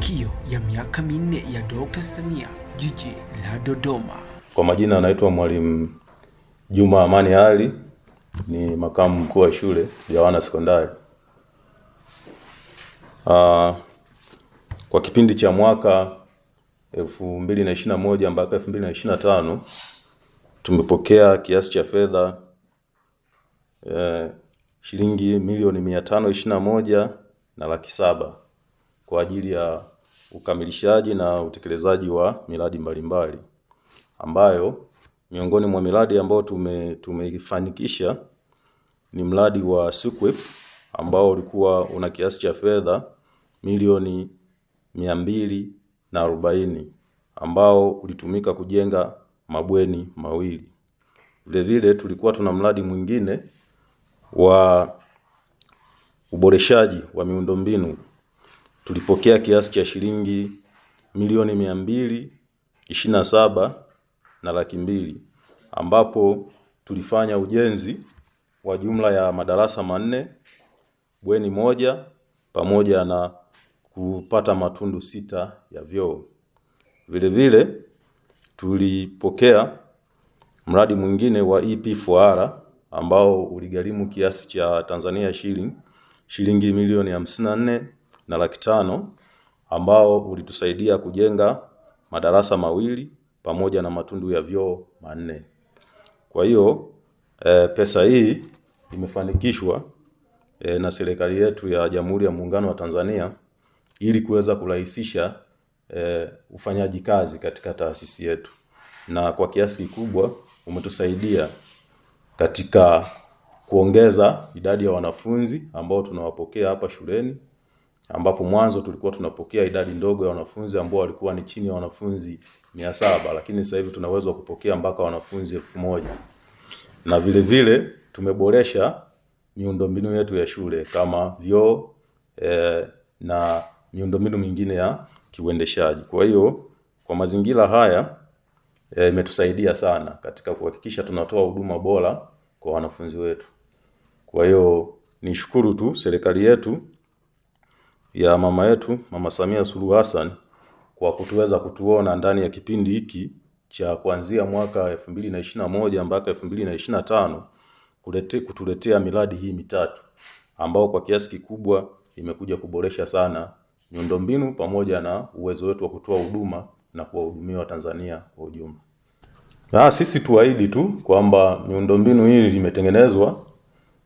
mafanikio ya miaka minne ya Dr. Samia jiji la Dodoma. Kwa majina anaitwa Mwalimu Juma Amani Ali, ni makamu mkuu wa shule ya wana sekondari. Ah, kwa kipindi cha mwaka 2021 mpaka 2025 tumepokea kiasi cha fedha eh, shilingi milioni mia tano ishirini na moja na laki saba kwa ajili ya ukamilishaji na utekelezaji wa miradi mbalimbali ambayo miongoni mwa miradi ambayo tume tumeifanikisha ni mradi wa SUQUIP ambao ulikuwa una kiasi cha fedha milioni mia mbili na arobaini ambao ulitumika kujenga mabweni mawili. Vilevile tulikuwa tuna mradi mwingine wa uboreshaji wa miundombinu tulipokea kiasi cha shilingi milioni mia mbili ishirini na saba na laki mbili ambapo tulifanya ujenzi wa jumla ya madarasa manne, bweni moja pamoja na kupata matundu sita ya vyoo. Vilevile tulipokea mradi mwingine wa ep fuara ambao uligharimu kiasi cha Tanzania shilingi shilingi milioni hamsini na nne na laki tano ambao ulitusaidia kujenga madarasa mawili pamoja na matundu ya vyoo manne. Kwa hiyo e, pesa hii imefanikishwa e, na serikali yetu ya Jamhuri ya Muungano wa Tanzania ili kuweza kurahisisha e, ufanyaji kazi katika taasisi yetu, na kwa kiasi kikubwa umetusaidia katika kuongeza idadi ya wanafunzi ambao tunawapokea hapa shuleni ambapo mwanzo tulikuwa tunapokea idadi ndogo ya wanafunzi ambao walikuwa ni chini ya wanafunzi mia saba lakini sasa hivi tunaweza wa kupokea mpaka wanafunzi elfu moja na vile vile tumeboresha miundombinu yetu ya shule kama vyoo eh, na miundombinu mingine ya kiuendeshaji. Kwa hiyo kwa mazingira haya eh, imetusaidia eh, sana katika kuhakikisha tunatoa huduma bora kwa wanafunzi wetu. Kwa hiyo nishukuru tu serikali yetu ya mama yetu Mama Samia Suluhu Hassan kwa kutuweza kutuona ndani ya kipindi hiki cha kuanzia mwaka 2021 mpaka 2025 kulete, kutuletea miradi hii mitatu ambao kwa kiasi kikubwa imekuja kuboresha sana miundombinu pamoja na uwezo wetu wa kutoa huduma na kuwahudumia Watanzania kwa ujumla. Na sisi tuahidi tu kwamba miundombinu hii imetengenezwa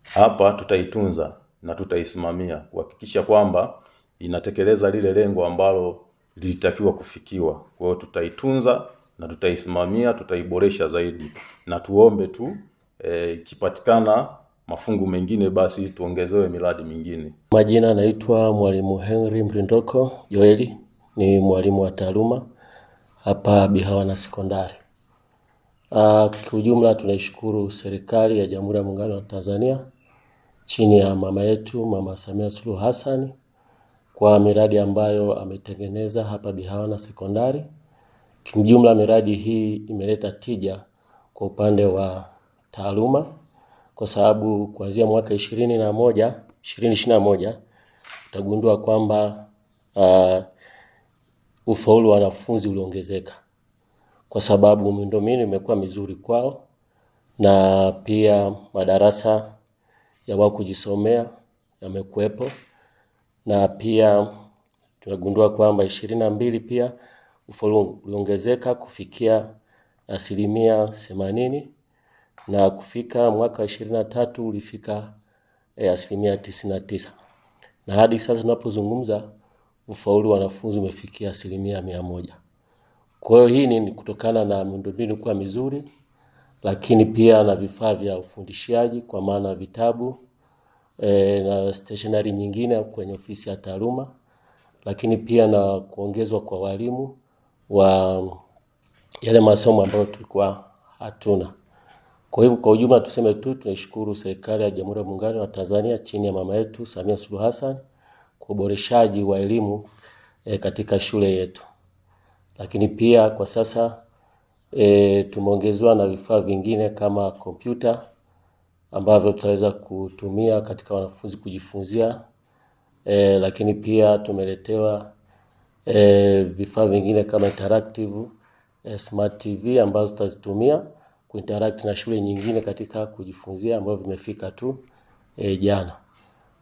hapa tutaitunza na tutaisimamia kuhakikisha kwamba inatekeleza lile lengo ambalo lilitakiwa kufikiwa. Kwa hiyo tutaitunza na tutaisimamia, tutaiboresha zaidi, na tuombe tu eh, ikipatikana e, mafungu mengine basi tuongezewe miradi mingine. Majina anaitwa Mwalimu Henry Mrindoko Joeli, ni mwalimu wa taaluma hapa Bihawana Sekondari. Ah, kiujumla tunaishukuru serikali ya Jamhuri ya Muungano wa Tanzania chini ya mama yetu Mama Samia Suluhu Hassan kwa miradi ambayo ametengeneza hapa Bihawana Sekondari. kimjumla miradi hii imeleta tija kwa upande wa taaluma, kwa sababu kuanzia mwaka ishirini na moja ishirini na moja utagundua kwamba uh, ufaulu wa wanafunzi uliongezeka kwa sababu miundombinu imekuwa mizuri kwao na pia madarasa ya wao kujisomea yamekuwepo na pia tunagundua kwamba ishirini na mbili pia ufaulu uliongezeka kufikia asilimia themanini na kufika mwaka ishirini na tatu ulifika e, asilimia tisini na tisa na hadi sasa tunapozungumza ufaulu wa wanafunzi umefikia asilimia mia moja. Kwa hiyo hii ni kutokana na miundombinu kuwa mizuri, lakini pia na vifaa vya ufundishaji kwa maana vitabu e, na stationery nyingine kwenye ofisi ya taaluma, lakini pia na kuongezwa kwa walimu wa yale masomo ambayo tulikuwa hatuna. Kwa hivyo kwa ujumla tuseme tu tunaishukuru serikali ya Jamhuri ya Muungano wa Tanzania chini ya mama yetu Samia Suluhu Hassan kwa uboreshaji wa elimu e, katika shule yetu. Lakini pia kwa sasa e, tumeongezewa na vifaa vingine kama kompyuta ambavyo tutaweza kutumia katika wanafunzi kujifunzia e, lakini pia tumeletewa e, vifaa vingine kama interactive e, smart TV ambazo tutazitumia kuinteract na shule nyingine katika kujifunzia ambavyo vimefika tu e, jana.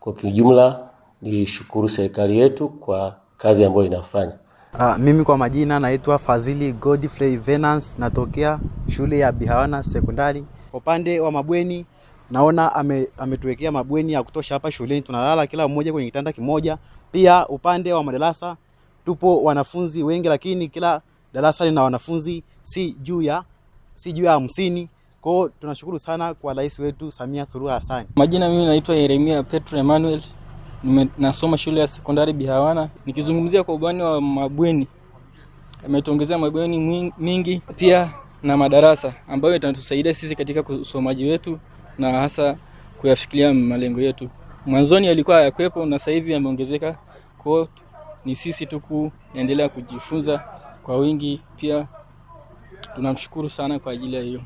Kwa kijumla ni shukuru serikali yetu kwa kazi ambayo inafanya. Uh, mimi kwa majina naitwa fazili Godfrey Venance, natokea shule ya Bihawana Sekondari. Upande wa mabweni naona ame, ametuwekea mabweni ya kutosha hapa shuleni, tunalala kila mmoja kwenye kitanda kimoja. Pia upande wa madarasa tupo wanafunzi wengi, lakini kila darasa lina wanafunzi si juu ya si juu ya hamsini. Kwa hiyo tunashukuru sana kwa rais wetu Samia Suluhu Hassan. Majina mimi naitwa Yeremia Petro Emmanuel, nasoma shule ya sekondari Bihawana. Nikizungumzia kwa ubani wa mabweni, ametuongezea mabweni mingi pia na madarasa ambayo itatusaidia sisi katika usomaji wetu na hasa kuyafikiria malengo yetu. Mwanzoni yalikuwa hayakuwepo na sasa hivi yameongezeka. Kwa ni sisi tu kuendelea kujifunza kwa wingi. Pia tunamshukuru sana kwa ajili ya hiyo.